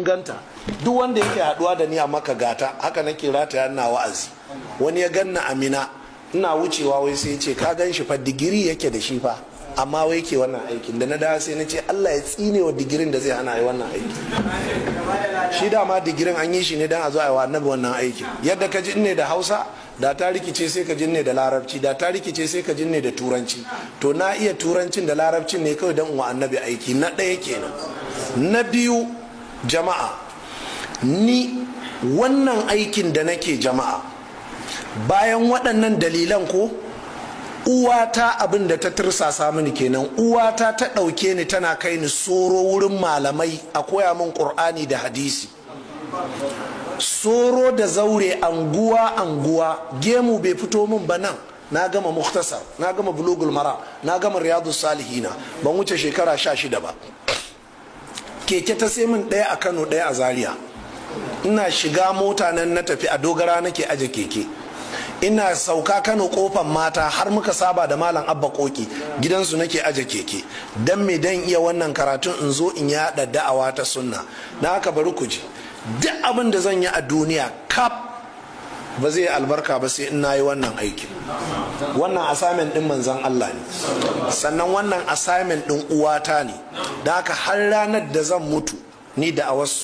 ganta duk wanda yake haduwa da ni a maka gata haka nake rataya ina wa'azi wani ya ganna amina ina wucewa wai sai ce ka gan shi fa digiri yake da shi fa amma wai ke wannan aikin da na dawo sai na ce Allah ya tsine wa digirin da zai hana yi wannan aiki shi dama digirin an yi shi ne don a zo a yi wa annabi wannan aikin yadda ka ji ne da Hausa da ta rikice sai ka jinne da larabci da ta rikice sai ka jinne da turanci to na iya turancin da larabcin ne kawai don wa annabi aiki na ɗaya kenan na biyu jama'a ni wannan aikin da nake jama'a bayan waɗannan dalilan ko uwata abin da ta tursasa mini kenan uwata ta ɗauke ni tana kai ni soro wurin malamai a koya min ƙur'ani da hadisi soro da zaure anguwa anguwa gemu bai fito min ba nan na gama muktasar na gama bulugul mara na gama riyadu salihina ban wuce shekara sha shida ba keke ta sai min ɗaya a kano ɗaya a zaria ina shiga mota nan na tafi a dogara nake aje keke ina sauka kano kofan mata har muka saba da malam abba koki gidansu nake aje keke dan me dan iya wannan karatun in zo in yada da'awa ta sunna na haka bari ku ji duk abin da zan yi a duniya kaf. ba zai albarka ba sai in na yi wannan aikin wannan assignment din manzan Allah ne sannan wannan assignment din uwata ne da aka har ranar da zan mutu ni da a wasu